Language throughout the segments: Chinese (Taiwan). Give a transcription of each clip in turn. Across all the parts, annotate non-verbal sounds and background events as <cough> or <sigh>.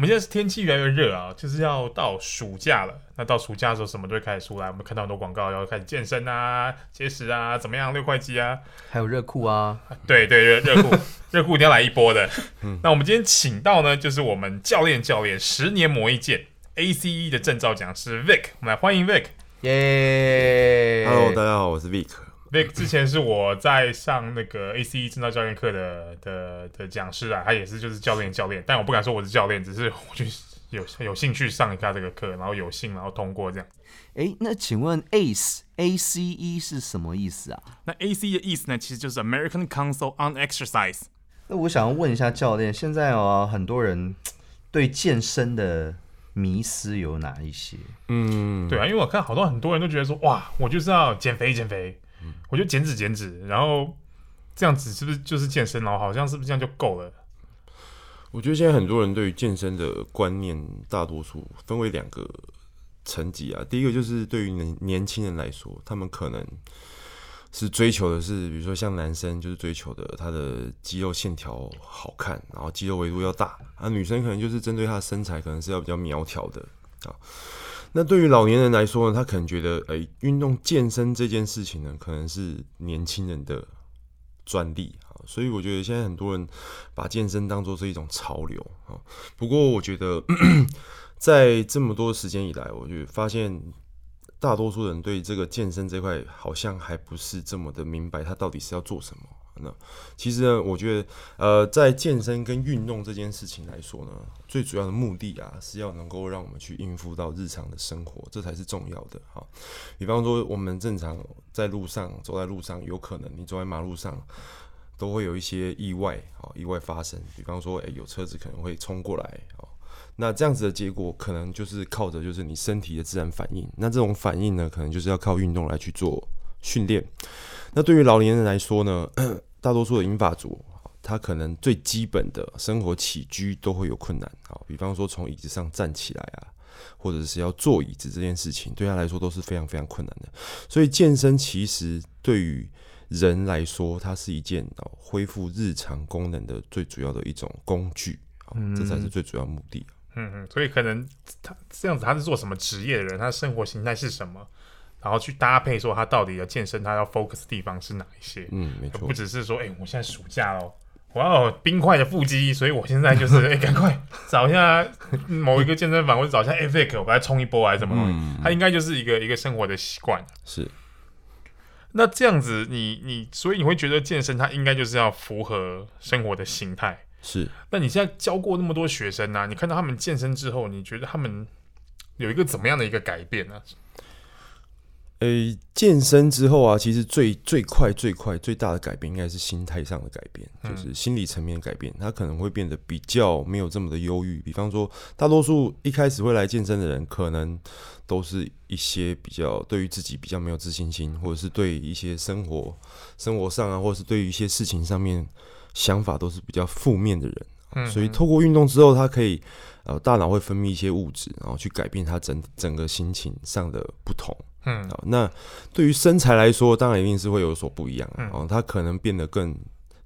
我們現在是天氣越來越熱啊，就是要到暑假了。那到暑假的時候，什麼都會開始出來。我們看到很多廣告，然後開始健身啊、節食啊、怎麼樣、六塊肌啊，還有熱褲啊。啊，對對，熱熱褲，熱褲 <laughs> 一定要來一波的。嗯。那我們今天請到呢，就是我們教練教練，十年磨一劍，ACE 的證照講師 Vic，我們來歡迎 Vic。耶，yeah yeah，Hello，大家好，我是 Vic。那、嗯、之前是我在上那個 ACE 證照教練課的的的講師啊，他也是就是教練教練，但我不敢說我是教練，只是我就是有有興趣上一下這個課，然後有幸然後通過這樣。哎、欸，那請問 ACE ACE 是什麼意思啊？那 ACE 的意思呢，其實就是 American Council on Exercise。那我想問一下教練，現在啊、哦、很多人對健身的迷思有哪一些？嗯，對啊，因為我看好多很多人都覺得說，哇，我就是要減肥減肥。我覺得減脂減脂，然後這樣子是不是就是健身了哦？好像是不是這樣就夠了？我覺得現在很多人對於健身的觀念，大多數分為兩個層級啊。第一個就是對於年，年輕人來說，他們可能是追求的是，比如說像男生就是追求的他的肌肉線條好看，然後肌肉維度要大；啊，女生可能就是針對她的身材，可能是要比較苗條的。啊，那對於老年人來說呢，他可能覺得，哎、欸，運動健身這件事情呢，可能是年輕人的專利啊。所以我覺得現在很多人把健身當做是一種潮流啊。不過我覺得， <coughs> 在這麼多時間以來，我就發現大多數人對這個健身這塊好像還不是這麼的明白，他到底是要做什麼。那其實呢，我覺得，呃，在健身跟運動這件事情來說呢，最主要的目的啊，是要能夠讓我們去應付到日常的生活，這才是重要的。哦、比方說，我們正常在路上走在路上，有可能你走在馬路上，都會有一些意外，啊、哦，意外發生。比方說，誒、欸，有車子可能會衝過來、哦，那這樣子的結果，可能就是靠着就是你身體的自然反應。那這種反應呢，可能就是要靠運動來去做訓練。那對於老年人來說呢， <coughs> 大多數的銀髮族，他可能最基本的生活起居都會有困難。比方說從椅子上站起來啊，或者是要坐椅子這件事情，對他來說都是非常非常困難的。所以健身其實對於人來說，它是一件恢復日常功能的最主要的一種工具。這才是最主要的目的。嗯嗯，所以可能他這樣子，他是做什麼職業的人？他生活形態是什麼？然後去搭配，說他到底要健身，他要 focus 的地方是哪一些？嗯，不只是說，哎、欸，我現在暑假嘍，我、wow, 要冰塊的腹肌，所以我現在就是，哎、 <laughs> 欸，趕快找一下某一個健身房， <laughs> 或者找一下 a f e c 我把它沖一波，還是什麼？嗯，他應該就是一個一個生活的習慣。是。那這樣子你，你你，所以你會覺得健身，它應該就是要符合生活的形態。是。那你現在教過那麼多學生啊，你看到他們健身之後，你覺得他們有一個怎麼樣的一個改變呢、啊？呃、欸，健身之後啊，其實最最快最快最大的改變，應該是心態上的改變，嗯、就是心理層面的改變。他可能會變得比較沒有這麼的憂鬱。比方說，大多數一開始會來健身的人，可能都是一些比較對於自己比較沒有自信心，或者是對於一些生活生活上啊，或者是對於一些事情上面想法都是比較負面的人，嗯嗯。所以透過運動之後，他可以呃，大腦會分泌一些物質，然後去改變他整整個心情上的不同。嗯、哦、那對於身材來說，當然一定是會有所不一樣啊、嗯哦。他可能變得更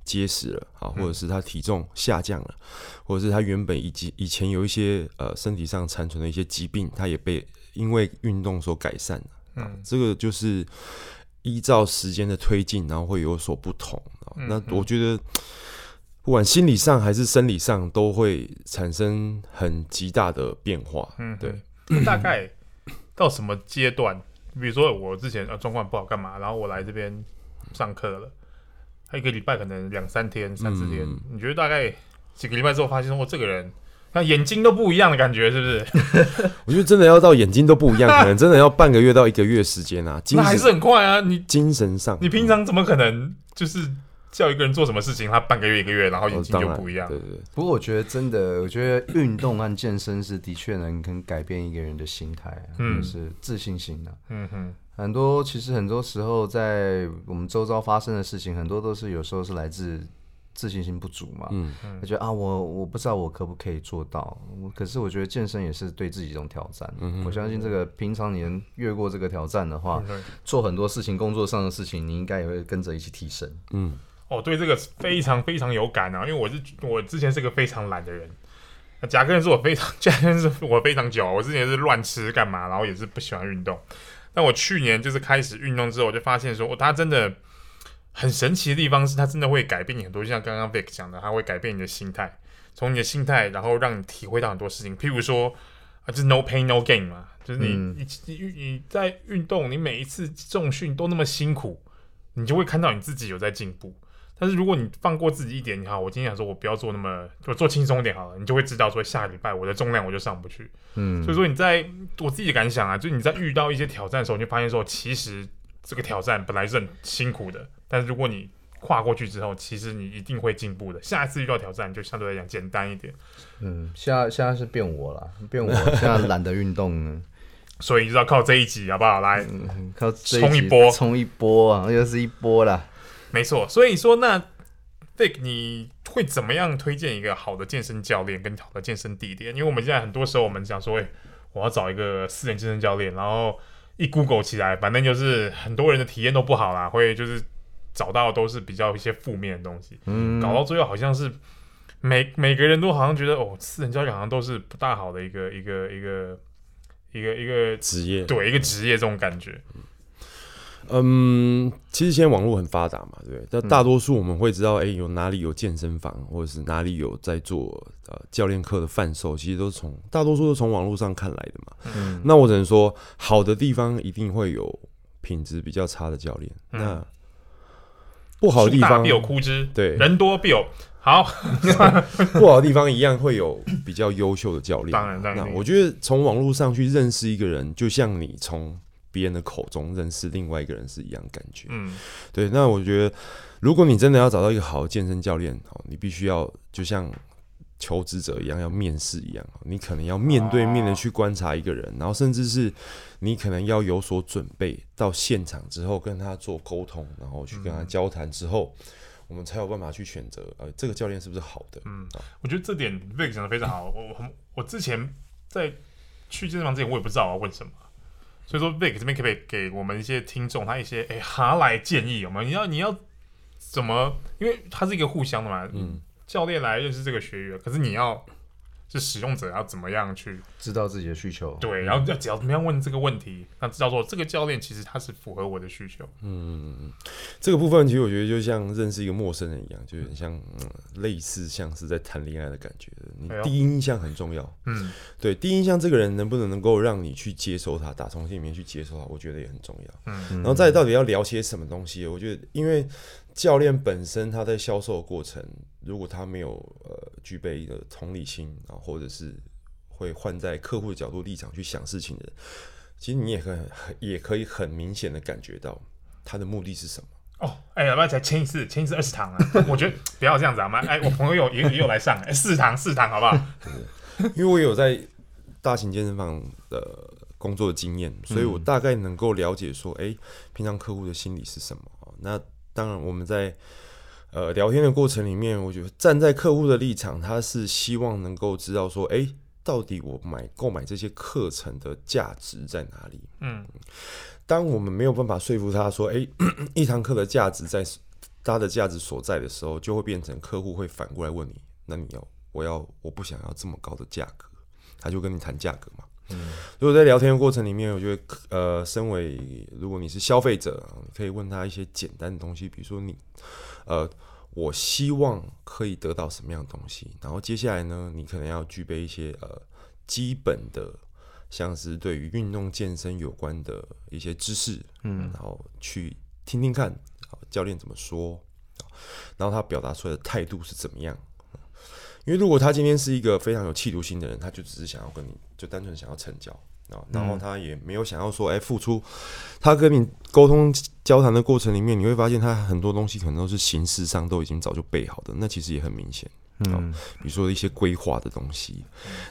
結實了啊、哦，或者是他體重下降了、嗯，或者是他原本以及以前有一些呃身體上殘存的一些疾病，他也被因為運動所改善了、嗯啊、這個就是依照時間的推進，然後會有所不同啊、哦嗯。那我覺得，不管心理上還是生理上，都會產生很極大的變化。嗯，對。那大概到什麼階段？ <laughs> 比如說我之前啊狀況不好幹嘛，然後我來這邊上課了，一個禮拜可能兩三天、三四天，嗯、你覺得大概幾個禮拜之後發現哦這個人，那眼睛都不一樣的感覺是不是？ <laughs> 我覺得真的要到眼睛都不一樣， <laughs> 可能真的要半個月到一個月時間啊。 <laughs> 精神那還是很快啊，你精神上，你平常怎麼可能就是？叫一個人做什麼事情，他半個月一個月，然後眼睛就不一樣了。對對對。不過我覺得真的，我覺得運動和健身是的確能跟改變一個人的心態、嗯，就是自信心的、啊。嗯很多其實很多時候在我們周遭發生的事情，很多都是有時候是來自自信心不足嘛。嗯嗯。他覺得啊，我我不知道我可不可以做到。可是我覺得健身也是對自己一種挑戰。嗯嗯。我相信這個平常你越過這個挑戰的話、嗯，做很多事情，工作上的事情，你應該也會跟着一起提升。嗯。我對這個非常非常有感啊，因為我是我之前是個非常懶的人，啊、甲亢是我非常，甲亢是我非常久，我之前是亂吃幹嘛，然後也是不喜歡運動。但我去年就是開始運動之後，我就發現說，哦，它真的很神奇的地方是，它真的會改變你很多。像剛剛 Vic 講的，它會改變你的心態，從你的心態，然後讓你體會到很多事情。譬如說，啊、就是 no pain no gain 嘛，就是你、嗯、你你你在運動，你每一次重訓都那麼辛苦，你就會看到你自己有在進步。但是如果你放過自己一點，你看，我今天想說，我不要做那麼，就做輕鬆點好了，你就會知道說，下禮拜我的重量我就上不去。嗯，所以說你在我自己的感想啊，就你在遇到一些挑戰的時候，你就發現說，其實這個挑戰本來是很辛苦的，但是如果你跨過去之後，其實你一定會進步的。下一次遇到挑戰就相對來講簡單一點。嗯，現在現在是變我了，變我現在懶得運動了， <laughs> 所以你就要靠這一集好不好？來，嗯、靠衝一,一波，衝一波啊，又是一波了。沒錯，所以說那，Vic，你會怎麼樣推薦一個好的健身教練跟好的健身地點？因為我們現在很多時候，我們講說，哎、欸，我要找一個私人健身教練，然後一 Google 起來，反正就是很多人的體驗都不好啦，會就是找到都是比較一些負面的東西，嗯，搞到最後好像是每每個人都好像覺得哦，私人教練好像都是不大好的一個一個一個一個一個職業，對，一個職業這種感覺。嗯，其實現在網絡很發達嘛，對不對？但大多數我們會知道，哎、欸，有哪裡有健身房，或者是哪裡有在做呃教練課的販售，其實都是從大多數都是從網絡上看來的嘛、嗯。那我只能說，好的地方一定會有品質比較差的教練、嗯，那不好的地方必有枯枝，對，人多必有好， <laughs> 不好的地方一樣會有比較優秀的教練。當然，當然，那我覺得從網絡上去認識一個人，就像你從。別人的口中認識另外一個人是一樣的感覺，嗯，對。那我覺得，如果你真的要找到一個好的健身教練哦，你必須要就像求職者一樣，要面試一樣，你可能要面對面的去觀察一個人、啊，然後甚至是你可能要有所準備，到現場之後跟他做溝通，然後去跟他交談之後、嗯，我們才有辦法去選擇呃這個教練是不是好的。嗯，我覺得這點 Vic 講的非常好。嗯、我我我之前在去健身房之前，我也不知道要問什麼。所以說，Vic 這邊可不可以給我們一些聽眾他一些哎哈、欸、來建議有沒有？你要你要怎麼？因為它是一個互相的嘛，嗯、教練來認識這個學員，可是你要。是使用者要怎麼樣去知道自己的需求？對，然後要只要怎麼樣問這個問題，那知道說這個教練其實他是符合我的需求。嗯，這個部分其實我覺得就像認識一個陌生人一樣，就有點像、嗯、類似像是在談戀愛的感覺。你第一印象很重要。哎、嗯，對，第一印象這個人能不能夠讓你去接受他，打從心裡面去接受他，我覺得也很重要。嗯，然後再到底要聊些什麼東西，我覺得因為教練本身他在銷售的過程。如果他沒有呃具備一個同理心，然後或者是會換在客戶的角度的立場去想事情的人，其實你也可以也可以很明顯的感覺到他的目的是什麼？哦，哎、欸，要不要再簽一次？簽一次二十堂啊？ <laughs> 我覺得不要這樣子好嗎？哎、欸，我朋友有也有來上，哎、 <laughs> 欸，四堂四堂好不好？因為我有在大型健身房的工作經驗，所以我大概能夠了解說，哎、欸，平常客戶的心理是什麼。那當然，我們在。呃，聊天的過程裡面，我覺得站在客戶的立場，他是希望能夠知道說，哎、欸，到底我買購買這些課程的價值在哪裡？嗯，當我們沒有辦法說服他說，哎、欸，一堂課的價值在它的價值所在的時候，就會變成客戶會反過來問你，那你要我要我不想要這麼高的價格，他就跟你談價格嘛。嗯，如果在聊天的過程裡面，我覺得，呃，身為如果你是消費者，你可以問他一些簡單的東西，比如說你。呃，我希望可以得到什麼樣的東西？然後接下來呢，你可能要具備一些呃基本的，像是對於運動健身有關的一些知識，嗯，然後去聽聽看，教練怎麼說，然後他表達出來的態度是怎麼樣？因為如果他今天是一個非常有企圖心的人，他就只是想要跟你就單純想要成交。然後他也沒有想要說，哎、嗯，付出。他跟你溝通、交談的過程裡面，你會發現他很多東西可能都是形式上都已經早就備好的，那其實也很明顯。嗯，哦、比如說一些規劃的東西，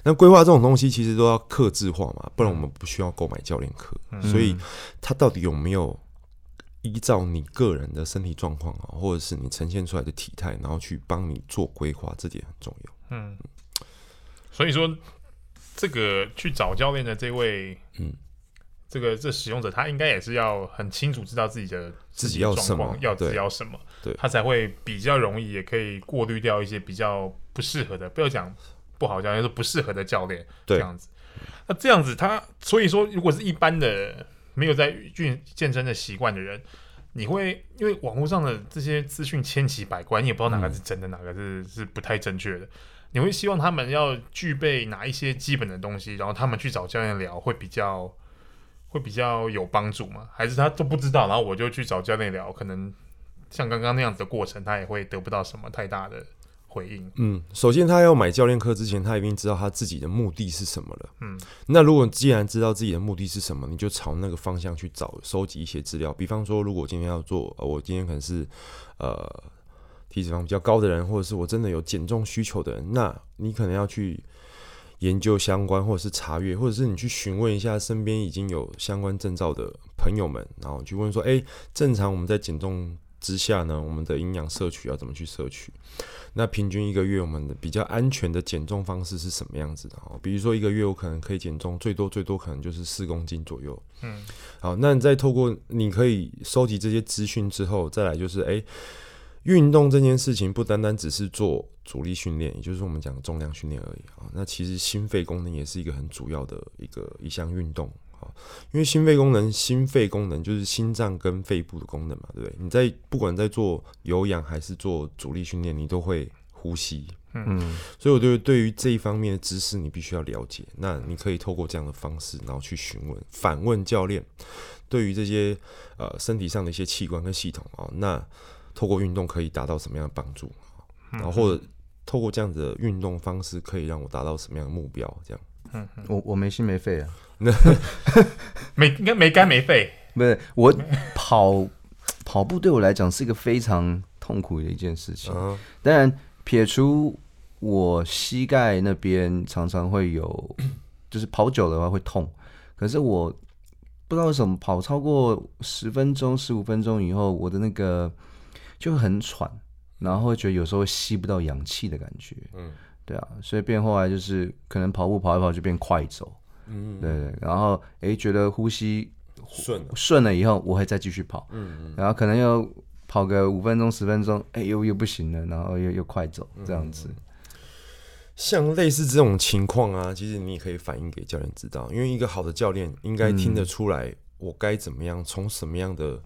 那規劃這種東西其實都要客製化嘛，不然我們不需要購買教練課、嗯。所以，他到底有沒有依照你個人的身體狀況啊，或者是你呈現出來的體態，然後去幫你做規劃，這點很重要。嗯，所以說。這個去找教練的這位，嗯，這個這使用者他應該也是要很清楚知道自己的自己要狀況要知道什麼，對他才會比較容易，也可以過濾掉一些比較不適合的，不要講不好教練，說、就是、不適合的教練對，這樣子。那這樣子他，所以說如果是一般的沒有在訓健身的習慣的人，你會因為網絡上的這些資訊千奇百怪，你也不知道哪個是真的，嗯、哪個是是不太正確的。你會希望他們要具備哪一些基本的東西，然後他們去找教練聊會比較會比較有幫助嗎？還是他都不知道，然後我就去找教練聊，可能像剛剛那樣子的過程，他也會得不到什麼太大的回應。嗯，首先他要買教練課之前，他一定知道他自己的目的是什麼了。嗯，那如果既然知道自己的目的是什麼，你就朝那個方向去找，收集一些資料。比方說，如果今天要做，呃，我今天可能是呃。體脂肪比較高的人，或者是我真的有減重需求的人，那你可能要去研究相關，或者是查閱，或者是你去詢問一下身邊已經有相關證照的朋友們，然後去問說：誒、欸，正常我們在減重之下呢，我們的營養攝取要怎麼去攝取？那平均一個月我們的比較安全的減重方式是什麼樣子的？哦，比如說一個月我可能可以減重最多最多可能就是四公斤左右。嗯，好，那你再透過你可以收集這些資訊之後，再來就是誒。欸運動這件事情不單單只是做阻力訓練，也就是我們講的重量訓練而已啊。那其實心肺功能也是一個很主要的一個一項運動啊，因為心肺功能，心肺功能就是心臟跟肺部的功能嘛，對不對？你在不管在做有氧還是做阻力訓練，你都會呼吸，嗯。所以我覺得對於這一方面的知識，你必須要了解。那你可以透過這樣的方式，然後去詢問、反問教練，對於這些呃身體上的一些器官跟系統啊、哦，那。透過運動可以達到什麼樣的幫助、嗯？然後或者透過這樣子的運動方式，可以讓我達到什麼樣的目標？這樣，嗯、我我沒心沒肺啊， <laughs> <laughs> 沒沒沒肝沒肺，沒我跑 <laughs> 跑步對我來講是一個非常痛苦的一件事情。嗯、當然，撇除我膝蓋那邊常常會有，就是跑久的話會痛。可是我不知道為什麼跑超過十分鐘、十五分鐘以後，我的那個。就很喘，然後覺得有時候吸不到氧氣的感覺，嗯，對啊，所以變後來就是可能跑步跑一跑就變快走，嗯，對對，然後哎覺得呼吸順了順了以後，我還再繼續跑，嗯，然後可能又跑個五分鐘十分鐘，哎又又不行了，然後又又快走、嗯、這樣子。像類似這種情況啊，其實你也可以反映給教練知道，因為一個好的教練應該聽得出來我該怎麼樣，嗯、從什麼樣的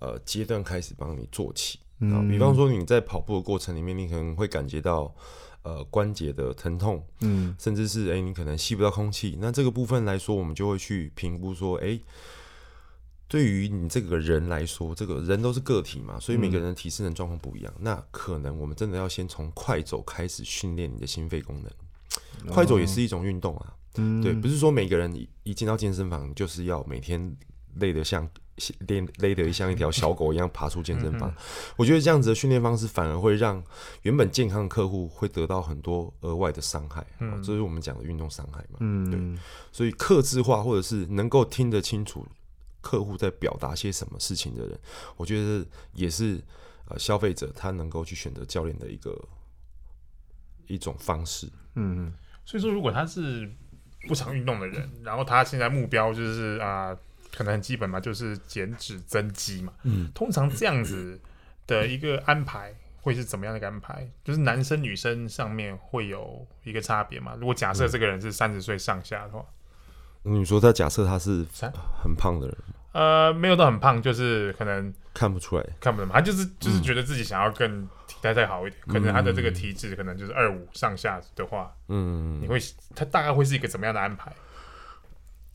呃階段開始幫你做起。.嗯、比方說你在跑步的過程裡面，你可能會感覺到呃關節的疼痛，嗯、甚至是哎、欸、你可能吸不到空氣。那這個部分來說，我們就會去評估說，哎、欸，對於你這個人來說，這個人都是個體嘛，所以每個人的體適能狀況不一樣、嗯。那可能我們真的要先從快走開始訓練你的心肺功能，快走也是一種運動啊。嗯、對，不是說每個人一一進到健身房就是要每天。累得像練累得像一條小狗一樣爬出健身房， <laughs> 嗯、我覺得這樣子的訓練方式反而會讓原本健康的客戶會得到很多額外的傷害、嗯哦，這是我們講的運動傷害嘛？嗯，對。所以客製化或者是能夠聽得清楚客戶在表達些什麼事情的人，我覺得也是呃消費者他能夠去選擇教練的一個一種方式。嗯嗯。所以說，如果他是不常運動的人，然後他現在目標就是啊，呃可能很基本嘛，就是減脂增肌嘛。嗯，通常這樣子的一個安排會是怎麼樣的一個安排？嗯？就是男生女生上面會有一個差別嘛？如果假設這個人是三十歲上下的話，嗯、你說他假設他是很胖的人、啊，呃，沒有到很胖，就是可能看不出來，看不出來，他就是就是覺得自己想要更體態再好一點、嗯，可能他的這個體質可能就是二五上下的話，嗯，你會他大概會是一個怎麼樣的安排？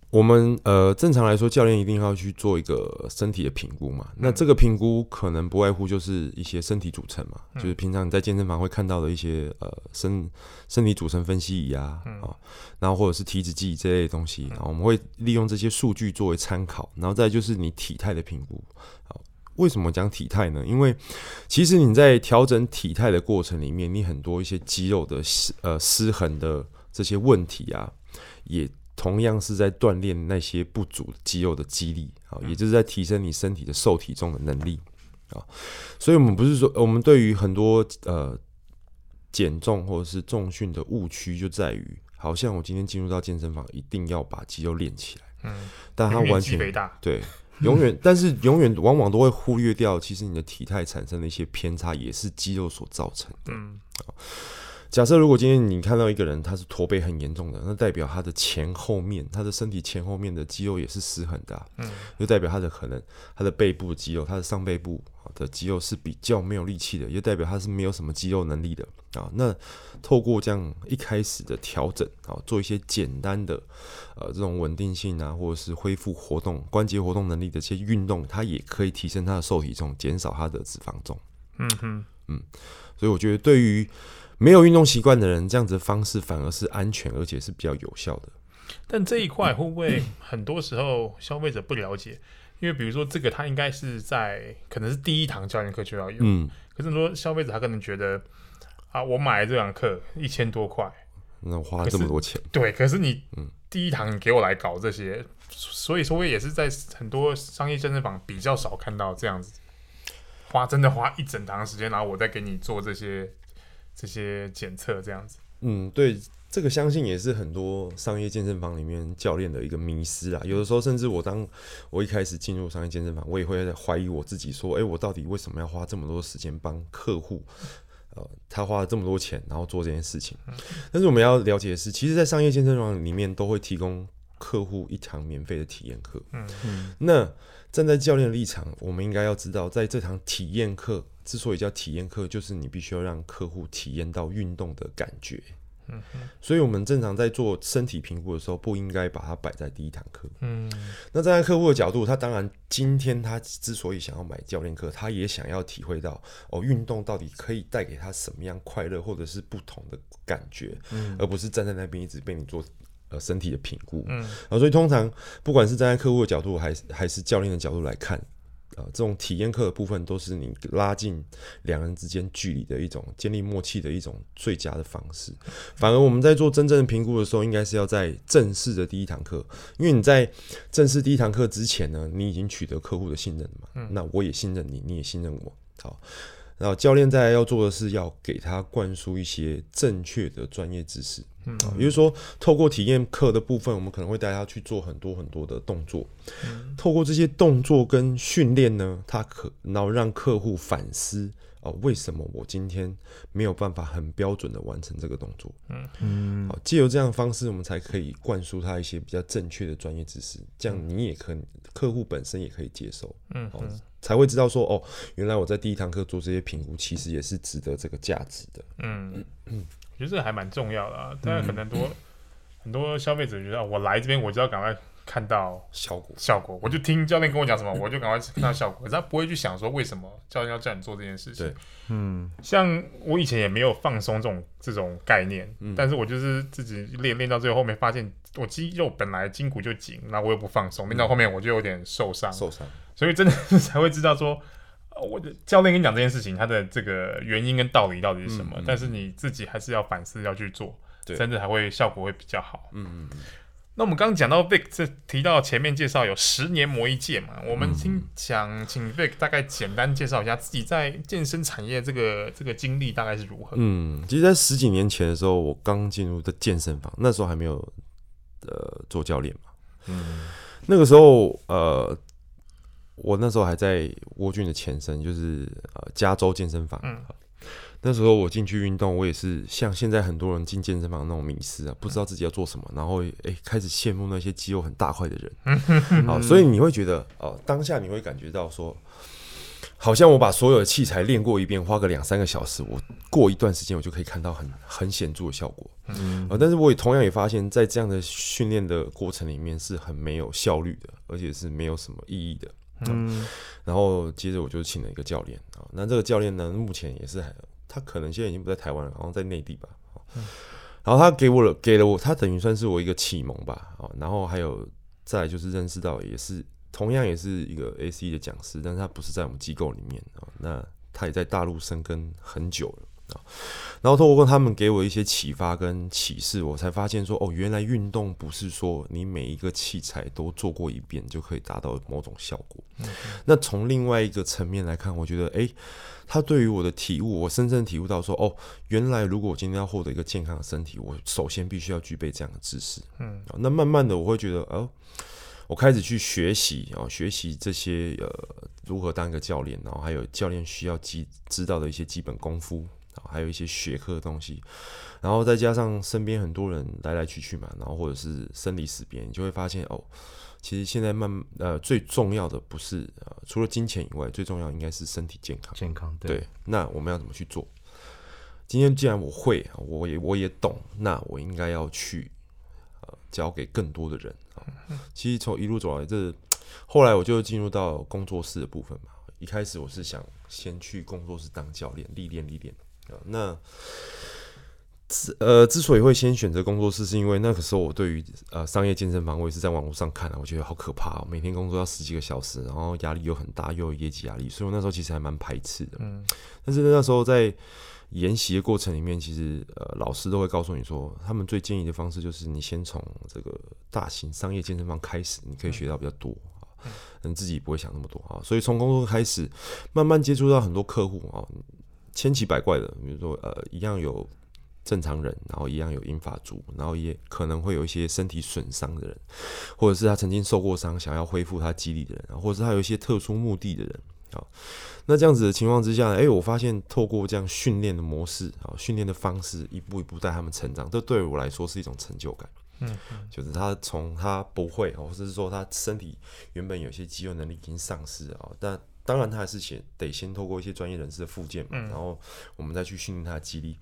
我們呃，正常來說，教練一定要去做一個身體的評估嘛、嗯。那這個評估可能不外乎就是一些身體組成嘛，嗯、就是平常你在健身房會看到的一些呃身身體組成分析儀啊，嗯、哦，然後或者是體脂計這類東西。嗯、然後我們會利用這些數據作為參考。然後再就是你體態的評估。好，為什麼講體態呢？因為其實你在調整體態的過程裡面，你很多一些肌肉的失呃失衡的這些問題啊，也。同樣是在鍛鍊那些不足的肌肉的肌力啊，也就是在提升你身體的受體重的能力啊。所以，我們不是說，我們對於很多呃減重或者是重訓的誤區，就在於好像我今天進入到健身房，一定要把肌肉練起來。嗯，但它完全肥大，對，永遠， <laughs> 但是永遠往往都會忽略掉，其實你的體態產生的一些偏差，也是肌肉所造成的。嗯。假設如果今天你看到一個人，他是駝背很嚴重的，那代表他的前後面，他的身體前後面的肌肉也是失衡的。嗯，就代表他的可能，他的背部的肌肉，他的上背部的肌肉是比較沒有力氣的，又代表他是沒有什麼肌肉能力的啊。那透過這樣一開始的調整啊，做一些簡單的呃這種穩定性啊，或者是恢復活動、關節活動能力的一些運動，它也可以提升他的瘦體重，減少他的脂肪重。嗯哼，嗯，所以我覺得對於。沒有運動習慣的人，這樣子的方式反而是安全而且是比較有效的。但這一塊會不會很多時候消費者不了解？ <coughs> 因為比如說這個，他應該是在可能是第一堂教練課就要用。嗯。可是你說消費者他可能覺得啊，我買了這堂課一千多塊，那我花了這麼多錢。對，可是你第一堂你給我來搞這些，嗯，所以說我也是在很多商業健身房比較少看到這樣子，花真的花一整堂時間，然後我再給你做這些。這些檢測這樣子，嗯，對，這個相信也是很多商業健身房裡面教練的一個迷思啊。有的時候，甚至我當我一開始進入商業健身房，我也會在懷疑我自己，說，哎、欸，我到底為什麼要花這麼多時間幫客戶？呃，他花了這麼多錢，然後做這件事情。但是我們要了解的是，其實，在商業健身房裡面，都會提供客戶一堂免費的體驗課。嗯，那。站在教練的立場，我們應該要知道，在這堂體驗課之所以叫體驗課，就是你必須要讓客戶體驗到運動的感覺。嗯。所以我們正常在做身體評估的時候，不應該把它擺在第一堂課。嗯，那站在客戶的角度，他當然今天他之所以想要買教練課，他也想要體會到哦，運動到底可以帶給他什麼樣快樂，或者是不同的感覺，嗯，而不是站在那邊一直被你做。呃，身體的評估，嗯，啊，所以通常不管是站在客戶的角度，還是還是教練的角度來看，啊，呃，這種體驗課的部分，都是你拉近兩人之間距離的一種，建立默契的一種最佳的方式。嗯。反而我們在做真正的評估的時候，應該是要在正式的第一堂課，因為你在正式第一堂課之前呢，你已經取得客戶的信任了嘛。嗯，那我也信任你，你也信任我，好，然後教練在要做的是要給他灌輸一些正確的專業知識。嗯哦、也就是說，透過體驗課的部分，我們可能會帶他去做很多很多的動作。嗯、透過這些動作跟訓練呢，他可然後讓客戶反思哦，為什麼我今天沒有辦法很標準的完成這個動作？嗯好，哦、借由這樣的方式，我們才可以灌輸他一些比較正確的專業知識。這樣你也可以、嗯、你客戶本身也可以接受。嗯、哦。才會知道說哦，原來我在第一堂課做這些評估，其實也是值得這個價值的。嗯嗯。其實這還蠻重要的啊，但可能多、嗯、很多消費者覺得，我來這邊我就要趕快看到效果，效果我就聽教練跟我講什麼，嗯、我就趕快看到效果。嗯、可是他不會去想說，為什麼教練要叫你做這件事情。對、嗯，像我以前也沒有放鬆這種這種概念、嗯，但是我就是自己練練到最後面發現，我肌肉本來筋骨就緊，那我又不放鬆，練、嗯、到後面我就有點受傷，受傷，所以真的是才會知道說。我的教練跟你講這件事情，他的這個原因跟道理到底是什麼？嗯、但是你自己還是要反思，要去做，甚至還會效果會比較好。嗯，那我們剛剛講到 Vic，這提到前面介紹有十年磨一劍嘛？我們想請、嗯，請 Vic 大概簡單介紹一下自己在健身產業這個這個經歷大概是如何？嗯，其實，在十幾年前的時候，我剛進入的健身房，那時候還沒有呃做教練嘛。嗯，那個時候呃。我那時候還在 World Gym 的前身，就是呃加州健身房。呃、那時候我進去運動，我也是像現在很多人進健身房那種迷思啊，不知道自己要做什麼，然後哎、欸、開始羨慕那些肌肉很大塊的人。好、 <laughs> 呃，所以你會覺得，哦、呃，當下你會感覺到說，好像我把所有的器材練過一遍，花個兩三個小時，我過一段時間我就可以看到很很顯著的效果。嗯，啊，但是我也同樣也發現，在這樣的訓練的過程裡面是很沒有效率的，而且是沒有什麼意義的。嗯、哦，然後接着我就請了一個教練啊、哦，那這個教練呢，目前也是還他可能現在已經不在台灣了，好像在內地吧，哦嗯、然後他給我了，給了我，他等於算是我一個啟蒙吧，啊、哦，然後還有再來就是認識到，也是同樣也是一個 ACE 的講師，但是他不是在我們機構裡面啊、哦，那他也在大陸生根很久了。然後透過他們給我一些啟發跟啟示，我才發現說，哦，原來運動不是說你每一個器材都做過一遍就可以達到某種效果。嗯、那從另外一個層面來看，我覺得，誒，他對於我的體悟，我深深體悟到說，哦，原來如果我今天要獲得一個健康的身體，我首先必須要具備這樣的知識。嗯、哦，那慢慢的我會覺得，哦，我開始去學習啊、哦，學習這些呃，如何當一個教練，然後還有教練需要基知道的一些基本功夫。還有一些學科的東西，然後再加上身邊很多人來來去去嘛，然後或者是生離死別，你就會發現哦，其實現在慢、慢呃，最重要的不是呃，除了金錢以外，最重要應該是身體健康。健康對、對。那我們要怎麼去做？今天既然我會，我也我也懂，那我應該要去呃，教給更多的人，哦。其實從一路走來這，這後來我就進入到工作室的部分嘛。一開始我是想先去工作室當教練，歷練歷練。那之呃，之所以會先選擇工作室，是因為那個時候我對於呃商業健身房，我也是在網絡上看啊，我覺得好可怕哦，每天工作要十幾個小時，然後壓力又很大，又有業績壓力，所以我那時候其實還蠻排斥的。嗯，但是那時候在研習的過程裡面，其實呃老師都會告訴你說，他們最建議的方式就是你先從這個大型商業健身房開始，你可以學到比較多啊、嗯哦，你自己不會想那麼多啊、哦，所以從工作開始，慢慢接觸到很多客戶啊。哦千奇百怪的，比如說呃，一樣有正常人，然後一樣有銀髮族，然後也可能會有一些身體損傷的人，或者是他曾經受過傷，想要恢復他肌力的人，或者是他有一些特殊目的的人。好、哦，那這樣子的情況之下，哎、欸，我發現透過這樣訓練的模式啊，哦，訓練的方式，一步一步帶他們成長，這對我來說是一種成就感。嗯，嗯，就是他從他不會，或者是說他身體原本有些肌肉能力已經喪失啊、哦，但。當然，他還是先得先透過一些專業人士的復健，嗯，然後我們再去訓練他的肌力。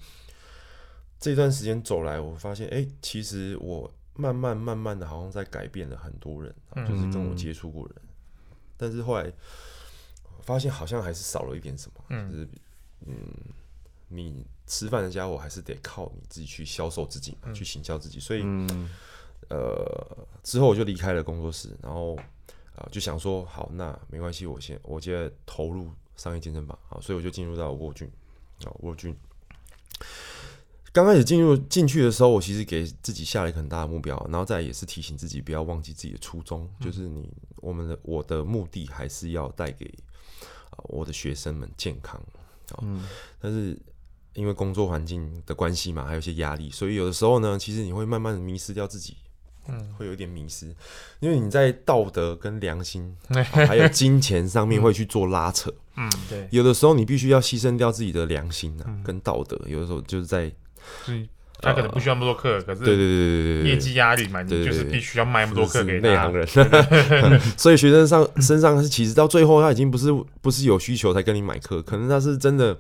這段時間走來，我發現，哎、欸，其實我慢慢慢慢的，好像在改變了很多人，嗯，就是跟我接觸過的人。但是後來發現，好像還是少了一點什麼，嗯，就是嗯，你吃飯的家伙還是得靠你自己去銷售自己嘛，嗯，去行銷自己。所以，嗯，呃，之後我就離開了工作室，然後。啊，就想說好，那沒關係，我先我接著投入商業健身房好，所以我就進入到沃郡啊，沃郡。剛開始進入進去的時候，我其實給自己下了一個很大的目標，然後再也是提醒自己不要忘記自己的初衷，嗯、就是你我們的我的目的還是要帶給我的學生們健康啊、嗯。但是因為工作環境的關係嘛，還有一些壓力，所以有的時候呢，其實你會慢慢的迷失掉自己。嗯，會有點迷失，因為你在道德跟良心、 <laughs> 哦、還有金錢上面會去做拉扯。嗯，嗯對，有的時候你必須要犧牲掉自己的良心啊、嗯，跟道德。有的時候就是在，是他可能不需要那麼多課、呃，可是對對對，對業績壓力嘛，你就是必須要賣那麼多課給內行人。對對對 <laughs> <laughs> 所以學生上身上是其實到最後他已經不是、嗯、不是有需求才跟你買課，可能他是真的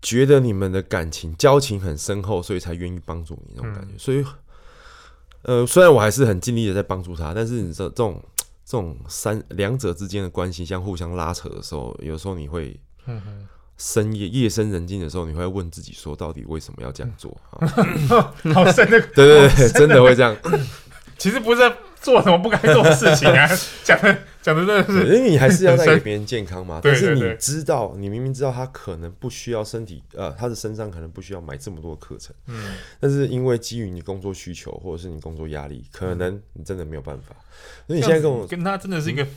覺得你們的感情交情很深厚，所以才願意幫助你那種感覺。嗯、所以。呃，雖然我還是很盡力的在幫助他，但是你說這，這種這種三兩者之間的關係相互相拉扯的時候，有時候你會深夜夜深人靜的時候，你會問自己說，到底為什麼要這樣做？嗯啊 <coughs> 嗯、好深的、 <coughs> 嗯，對對對，真的會這樣。嗯、其實不是在做什麼不該做的事情啊，講 <coughs> 的。講的真的是對，因為你還是要帶給別人健康嘛 <laughs> 對對對。但是你知道，你明明知道他可能不需要身體，呃，他的身上可能不需要買這麼多課程。嗯，但是因為基於你工作需求或者是你工作壓力，可能你真的沒有辦法。嗯、所以你現在跟我跟他真的是一個、嗯、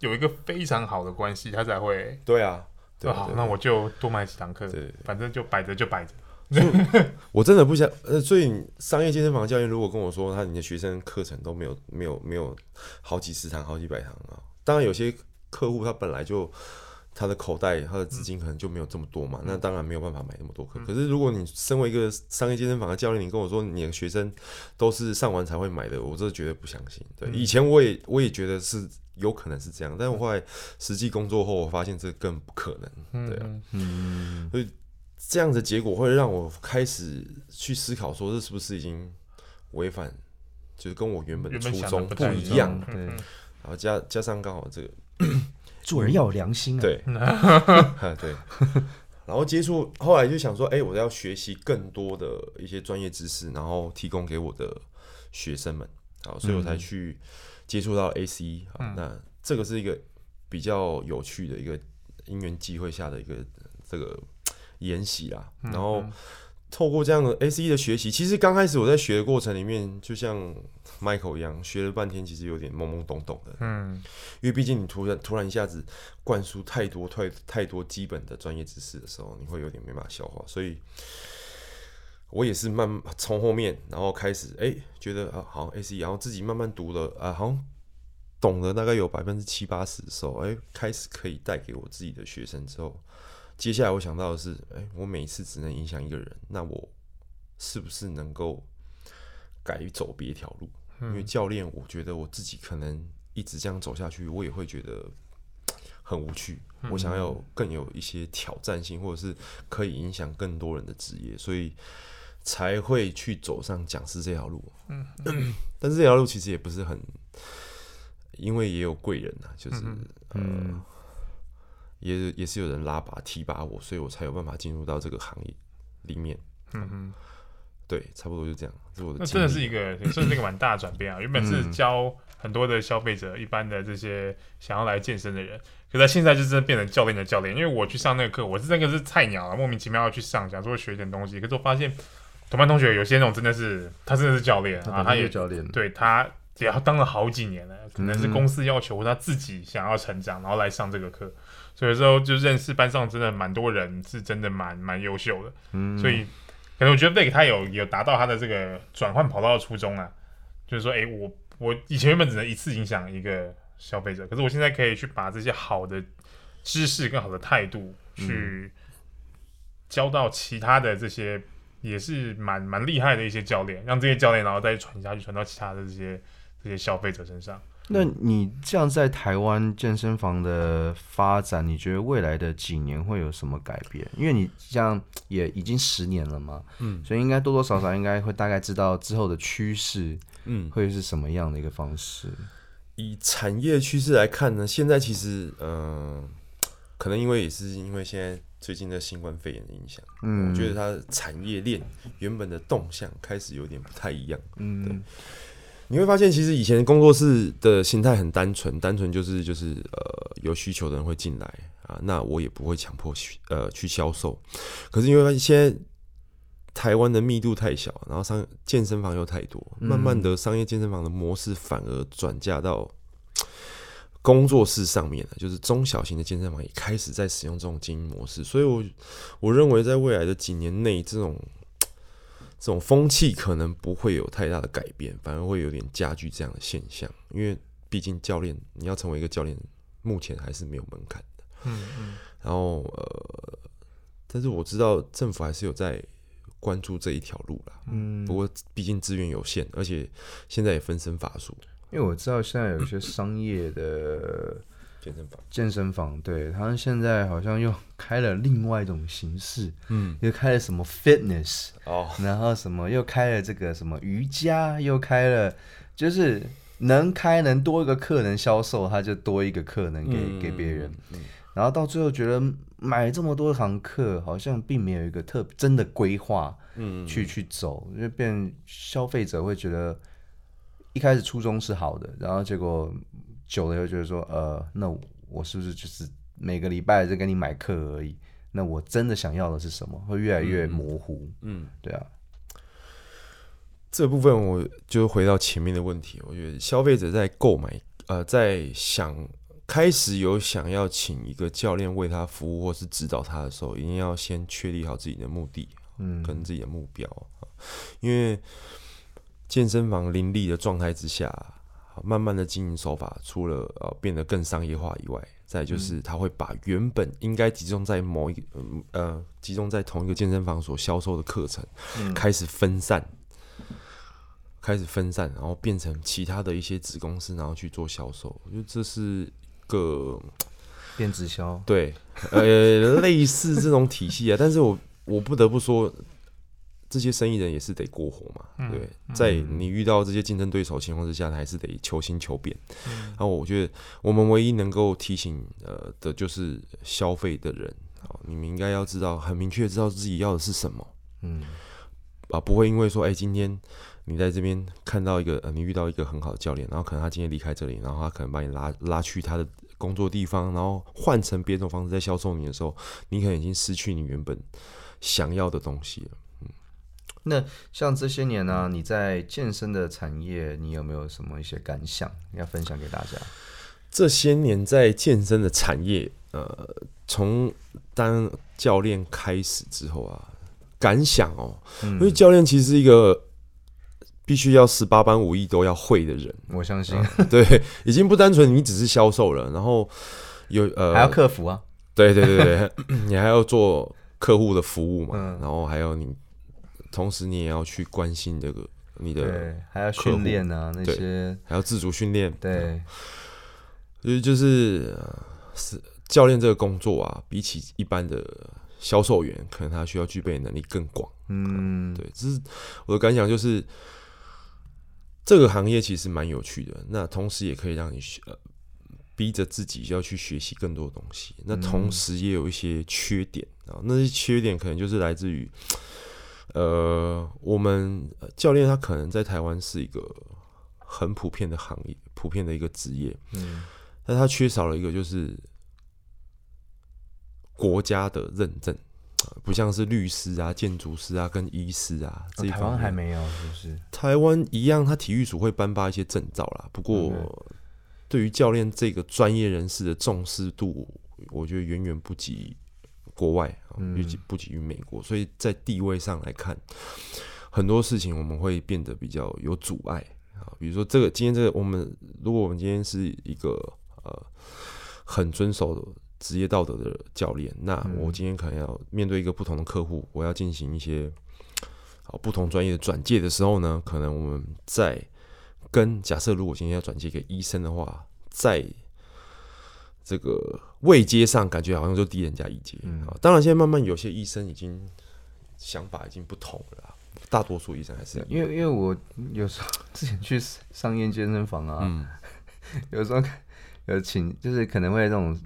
有一個非常好的關係，他才會對啊。對，對,對啊，那我就多買幾堂課，對對對，反正就擺着就擺着、嗯。我真的不想，呃，所以商業健身房的教練如果跟我說他你的學生課程都沒有沒有沒有，沒有好幾十堂好幾百堂啊。當然，有些客戶他本來就他的口袋、他的資金可能就沒有這麼多嘛、嗯，那當然沒有辦法買那麼多課、嗯、可是，如果你身為一個商業健身房的教練，你跟我說你的學生都是上完才會買的，我這絕對不相信。對，嗯、以前我也我也覺得是有可能是這樣，嗯、但我後來實際工作後，我發現這更不可能、嗯。對啊，嗯，所以這樣的結果會讓我開始去思考，說這是不是已經違反，就是跟我原本的初衷不一樣？嗯。然後加加上剛好這個，做人要有良心、啊嗯、對， <laughs> <laughs> 對。然後接觸後來就想說，哎、欸，我要學習更多的一些專業知識，然後提供給我的學生們。好，所以我才去接觸到 ACE、嗯。啊。那這個是一個比較有趣的一個因緣機會下的一個這個研習啊。然後。透過這樣的 ACE 的學習，其實剛開始我在學的過程裡面，就像 Michael 一樣，學了半天，其實有點懵懵懂懂的。嗯，因為畢竟你突然突然一下子灌輸太多太太多基本的專業知識的時候，你會有點沒辦法消化。所以我也是慢從後面，然後開始哎、欸，覺得啊，好像 ACE 然後自己慢慢讀了啊，好像懂了大概有百分之七八十的時候，哎、欸，開始可以帶給我自己的學生之後。接下來我想到的是，哎、欸，我每一次只能影響一個人，那我是不是能夠改走別條路、嗯？因為教練，我覺得我自己可能一直這樣走下去，我也會覺得很無趣。嗯、我想要更有一些挑戰性，或者是可以影響更多人的職業，所以才會去走上講師這條路。嗯，但是這條路其實也不是很，因為也有貴人吶、啊，就是、嗯、呃。嗯也也是有人拉拔提拔我，所以我才有辦法進入到這個行業裡面。嗯嗯，對，差不多就這樣。是我的，那真的是一個，真的是一個蠻大的轉變啊！ <coughs> 原本是教很多的消費者，一般的這些想要來健身的人，嗯、可是他現在就真的變成教練的教練。因為我去上那個課，我是那個是菜鳥，莫名其妙要去上，假如說學一點東西。可是我發現同班同學有些那種真的是他真的是教練啊，他也教練，對他只要當了好幾年了，可能是公司要求、嗯、或他自己想要成長，然後來上這個課。所以說有時候就認識班上真的蠻多人，是真的蠻蠻優秀的。嗯，所以可能我覺得 Vic 他有有達到他的這個轉換跑道的初衷啊，就是說，哎、欸，我我以前原本只能一次影響一個消費者，可是我現在可以去把這些好的知識、跟好的態度去教到其他的這些也是蠻蠻厲害的一些教練，讓這些教練然後再傳下去，傳到其他的這些這些消費者身上。那你這樣在台灣健身房的發展，你覺得未來的幾年會有什麼改變？因為你這樣也已經十年了嘛，嗯，所以應該多多少少應該會大概知道之後的趨勢，嗯，會是什麼樣的一個方式？嗯嗯、以產業趨勢來看呢，現在其實，嗯、呃，可能因為也是因為現在最近的新冠肺炎的影響，嗯，我覺得它產業鏈原本的動向開始有點不太一樣，嗯。對你會發現，其實以前工作室的心態很單純，單純就是就是呃，有需求的人會進來啊，那我也不會強迫去呃去銷售。可是因為現在台灣的密度太小，然後商健身房又太多，嗯，慢慢的商業健身房的模式反而轉嫁到工作室上面了，就是中小型的健身房也開始在使用這種經營模式。所以我，我我認為在未來的幾年內，這種這種風氣可能不會有太大的改變，反而會有點加劇這樣的現象，因為畢竟教練你要成為一個教練，目前還是沒有門檻的。嗯 <laughs> 然後呃，但是我知道政府還是有在關注這一條路啦。嗯。不過畢竟資源有限，而且現在也分身乏術。因為我知道現在有些商業的。 <laughs> 健身房，健身房，對他們現在好像又開了另外一種形式，嗯，又開了什麼 fitness 哦、oh.，然後什麼又開了這個什麼瑜伽，又開了，就是能開能多一個客人銷售，他就多一個客人給、嗯、給別人、嗯，然後到最後覺得買這麼多堂課，好像並沒有一個特別真的規劃，嗯，去去走，因為變消費者會覺得一開始初衷是好的，然後結果。久了以後就覺得說，呃，那我是不是就是每個禮拜在給你買課而已？那我真的想要的是什麼？會越來越模糊，嗯。嗯，對啊。這部分我就回到前面的問題，我覺得消費者在購買，呃，在想開始有想要請一個教練為他服務或是指導他的時候，一定要先確立好自己的目的，嗯，跟自己的目標，因為健身房林立的狀態之下。慢慢的經營手法，除了呃變得更商業化以外，再就是他會把原本應該集中在某一個呃集中在同一個健身房所銷售的課程，嗯，開始分散，開始分散，然後變成其他的一些子公司，然後去做銷售。我覺得這是一個變直銷，對，呃，類似這種體系啊。 <laughs> 但是我我不得不說。這些生意人也是得過活嘛，嗯、對，在你遇到這些競爭對手情況之下，你還是得求新求變，嗯。那我覺得我們唯一能夠提醒呃的就是消費的人，你們應該要知道，很明確知道自己要的是什麼，嗯，啊，不會因為說哎、欸、今天你在這邊看到一個、呃、你遇到一個很好的教練，然後可能他今天離開這裡，然後他可能把你拉拉去他的工作地方，然後換成別種方式在銷售你的時候，你可能已經失去你原本想要的東西了。那像這些年呢、啊，你在健身的產業，你有沒有什麼一些感想要分享給大家？這些年在健身的產業，呃，從當教練開始之後啊，感想哦，嗯、因為教練其實是一個必須要十八般武藝都要會的人。我相信，呃、對，已經不單純你只是銷售了，然後有呃，還要客服啊，對對對對， <laughs> 你還要做客戶的服務嘛、嗯，然後還有你。同時，你也要去關心這個你的對，還要訓練啊，那些還要自主訓練對，所、嗯、以就是、呃、是教練這個工作啊，比起一般的銷售員，可能他需要具備的能力更廣、嗯。嗯，對，這是我的感想，就是這個行業其實蠻有趣的。那同時也可以讓你學，呃、逼着自己要去學習更多的東西。那同時也有一些缺點啊，那些缺點可能就是來自於。呃，我們教練他可能在台灣是一個很普遍的行業，普遍的一個職業。嗯，但他缺少了一個就是國家的認證，不像是律師啊、建築師啊、跟醫師啊，這一哦、台灣還沒有，是不是？台灣一樣，他體育署會頒發一些證照啦。不過，嗯、對於教練這個專業人士的重視度，我覺得遠遠不及。國外啊，不及不及於美國，嗯，所以在地位上來看，很多事情我們會變得比較有阻礙啊。比如說，這個今天這個我們，如果我們今天是一個呃很遵守職業道德的教練，那我今天可能要面對一個不同的客戶，我要進行一些不同專業的轉介的時候呢，可能我們在跟假設，如果今天要轉介給醫生的話，在這個位階上感覺好像就低人家一階啊、嗯哦。當然，現在慢慢有些醫生已經想法已經不同了。大多數醫生還是因為，因為我有時候之前去上燕健身房啊，嗯、 <laughs> 有時候有請，就是可能會那種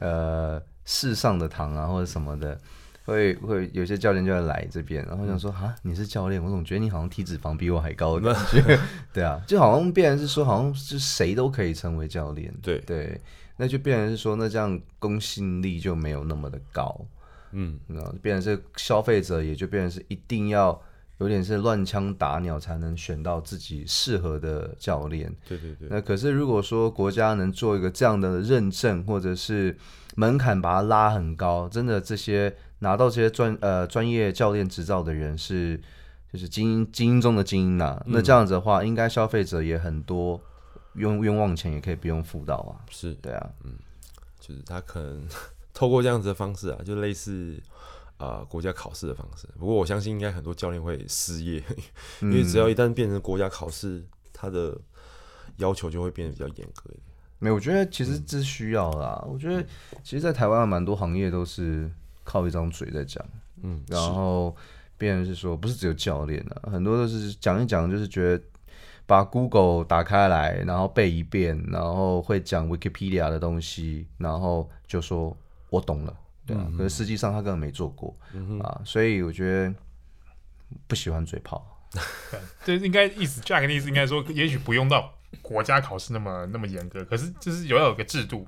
呃世上的糖啊或者什麼的，會會有些教練就會來這邊，然後想說啊、嗯，你是教練，我總覺得你好像體脂肪比我還高呵呵 <laughs> 對啊，就好像變成是說，好像是誰都可以成為教練。對對。那就變成是說，那這樣公信力就沒有那麼的高，嗯，那變成是消費者也就變成是一定要有點是亂槍打鳥才能選到自己適合的教練，對對對。那可是如果說國家能做一個這樣的認證，或者是門檻把它拉很高，真的這些拿到這些專呃專業教練執照的人是就是精英精英中的精英吶、啊嗯。那這樣子的話，應該消費者也很多。用冤枉錢也可以不用輔導啊，是對啊，嗯，就是他可能透過這樣子的方式啊，就類似啊、呃、國家考試的方式。不過我相信應該很多教練會失業，嗯，因為只要一旦變成國家考試，他的要求就會變得比較嚴格一點。沒，我覺得其實這是需要啦，啊嗯。我覺得其實，在台灣蠻多行業都是靠一張嘴在講，嗯，然後變成是說，不是只有教練啊，很多都是講一講，就是覺得。把 Google 打開來，然後背一遍，然後會講 Wikipedia 的東西，然後就說“我懂了”，對啊、嗯，可是實際上他根本沒做過、嗯、哼啊，所以我覺得不喜歡嘴炮。對，應該意思，Jack 的意思，應該說，也許不用到國家考試那麼那麼嚴格，可是就是有要有個制度，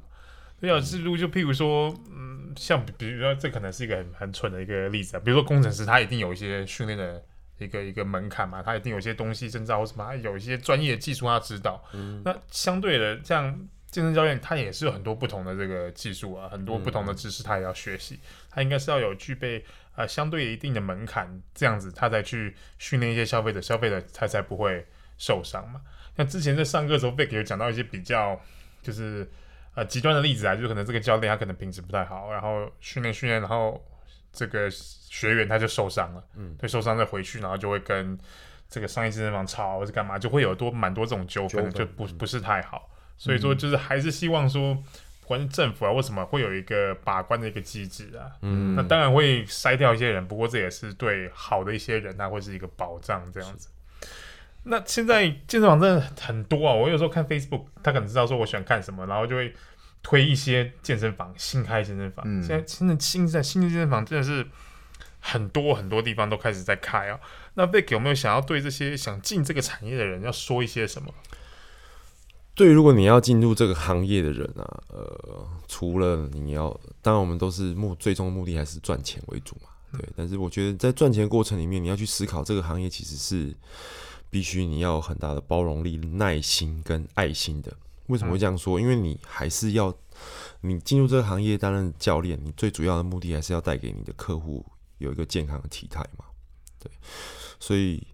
要有制度，就譬如說，嗯，像比如說，這可能是一個很很蠢的一個例子、啊，比如說工程師，他一定有一些訓練的。一個一個門檻嘛，他一定有一些東西，甚至或什麼，有一些專業的技術，他知道。嗯。那相對的，像健身教練，他也是有很多不同的這個技術啊，很多不同的知識，他也要學習。嗯。他應該是要有具備啊，呃，相對一定的門檻，這樣子他才去訓練一些消費者，消費者他才，才不會受傷嘛。像之前在上課的時候，Vic 有講到一些比較就是呃極端的例子啊，就是可能這個教練他可能品質不太好，然後訓練訓練，然後。這個學員他就受傷了，嗯，他受傷再回去，然後就會跟這個商業健身房吵，是幹嘛？就會有多蠻多這種糾紛，就不、嗯、不是太好。所以說，就是還是希望說，關於政府啊，為什麼會有一個把關的一個機制啊？嗯，那當然會篩掉一些人，不過這也是對好的一些人，他會是一個保障這樣子。那現在健身房真的很多啊，我有時候看 Facebook，他可能知道說我喜歡看什麼，然後就會。推一些健身房，新開健身房，嗯、現在現在新在新的健身房真的是很多，很多地方都開始在開啊。那 Vic 有沒有想要對這些想進這個產業的人要說一些什麼？對，如果你要進入這個行業的人啊，呃，除了你要，當然我們都是目最終目的還是賺錢為主嘛、嗯。對，但是我覺得在賺錢的過程裡面，你要去思考這個行業其實是必須你要有很大的包容力、耐心跟愛心的。為什麼會這樣說？因為你還是要，你進入這個行業擔任教練，你最主要的目的還是要帶給你的客戶有一個健康的體態嘛。對，所以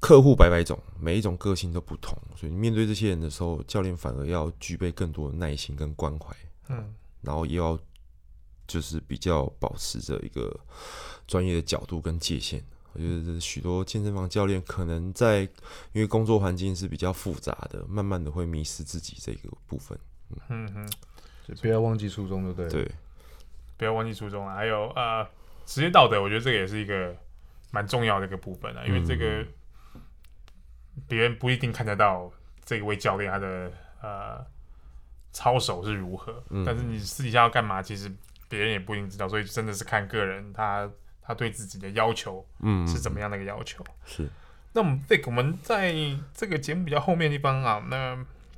客戶百百種，每一種個性都不同，所以面對這些人的時候，教練反而要具備更多的耐心跟關懷，嗯，然後也要就是比較保持着一個專業的角度跟界限。我覺得許多健身房教練可能在，因為工作環境是比較複雜的，慢慢的會迷失自己這個部分。嗯，嗯哼，就不要忘記初衷，對不對？對，不要忘記初衷啊。還有呃，職業道德，我覺得這個也是一個蠻重要的一個部分啊，嗯。因為這個別人不一定看得到，這位教練他的呃操守是如何，嗯，但是你私底下要幹嘛，其實別人也不一定知道。所以真的是看個人他。他對自己的要求，嗯，是怎麼樣的一個要求？嗯、是，那我們在我們在這個節目比較後面的地方啊，那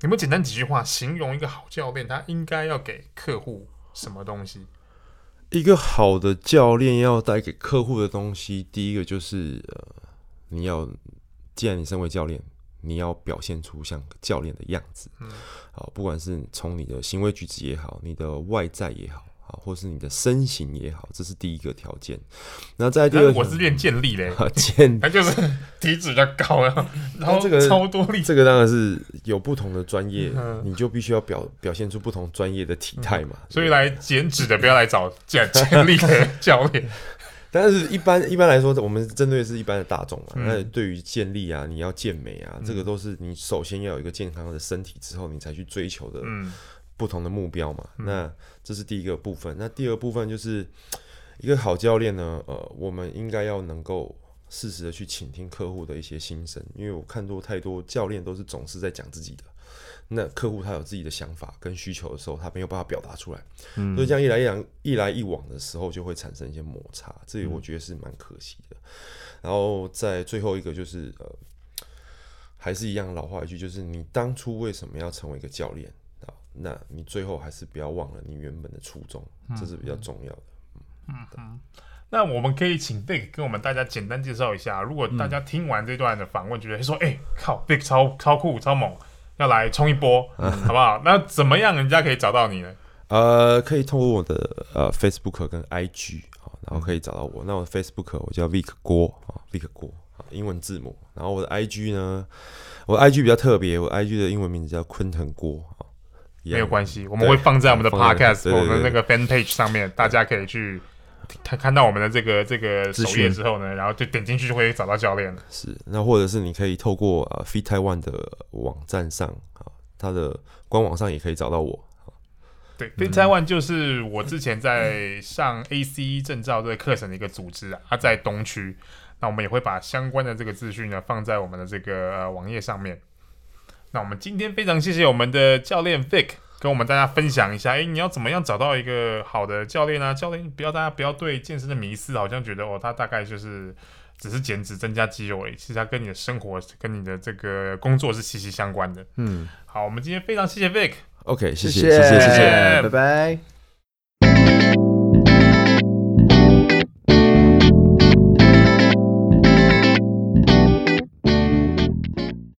有沒有簡單幾句話形容一個好教練？他應該要給客戶什麼東西？一個好的教練要帶給客戶的東西，第一個就是，呃，你要，既然你身為教練，你要表現出像教練的樣子，嗯，好，不管是從你的行為舉止也好，你的外在也好。或是你的身形也好，這是第一個條件。那再一個，是我是練健力的，嗯、 <laughs> 健，它就是體脂較高啊。然後這個超多力，這個當然是有不同的專業，嗯、你就必須要表表現出不同專業的體態嘛。嗯、所以來減脂的不要來找減健力的教練。 <laughs> 但是，一般一般來說，我們針對是一般的大眾嘛。那、嗯、對於健力啊，你要健美啊、嗯，這個都是你首先要有一個健康的身體之後，你才去追求的。嗯。不同的目標嘛、嗯，那這是第一個部分。那第二部分就是一個好教練呢，呃，我們應該要能夠適時的去傾聽客戶的一些心聲，因為我看多太多教練都是總是在講自己的，那客戶他有自己的想法跟需求的時候，他沒有辦法表達出來、嗯，所以這樣一來一往，一來一往的時候就會產生一些摩擦，這裡我覺得是蠻可惜的。嗯、然後在最後一個就是，呃，還是一樣老話一句，就是你當初為什麼要成為一個教練？那你最後還是不要忘了你原本的初衷，嗯、這是比較重要的。嗯嗯，那我們可以請 Vic 跟我們大家簡單介紹一下。如果大家聽完這段的訪問，覺得說：“哎、嗯欸，靠，Vic 超超酷超猛，要來衝一波、嗯，好不好？” <laughs> 那怎麼樣，人家可以找到你呢？呃，可以通過我的呃 Facebook 跟 IG 啊、哦，然後可以找到我。那我的 Facebook 我叫 Vic 郭啊，Vic、哦、郭啊、哦，英文字母。然後我的 IG 呢，我 IG 比較特別，我 IG 的英文名字叫 Quentin 郭。沒有關係、嗯，我們會放在我們的 podcast 或我們的那個 fan page 上面，對對對，大家可以去他看到我們的這個這個首頁之後呢，然後就點進去就會找到教練了。是，那或者是你可以透過 Fit Taiwan 的網站上啊，它的官網上也可以找到我。對，Fit Taiwan 就是我之前在上 ACE 證照這個課程的一個組織啊，它、嗯啊、在東區，那我們也會把相關的這個資訊呢放在我們的這個、呃、網頁上面。那我們今天非常謝謝我們的教練 Vic，跟我們大家分享一下，哎，欸，你要怎麼樣找到一個好的教練啊？教練，不要大家不要對健身的迷思，好像覺得哦，他大概就是只是減脂、增加肌肉誒，欸，其實它跟你的生活、跟你的這個工作是息息相關的。嗯，好，我們今天非常謝謝 Vic，OK，okay，謝謝，欸，謝謝，謝謝，謝謝，拜拜。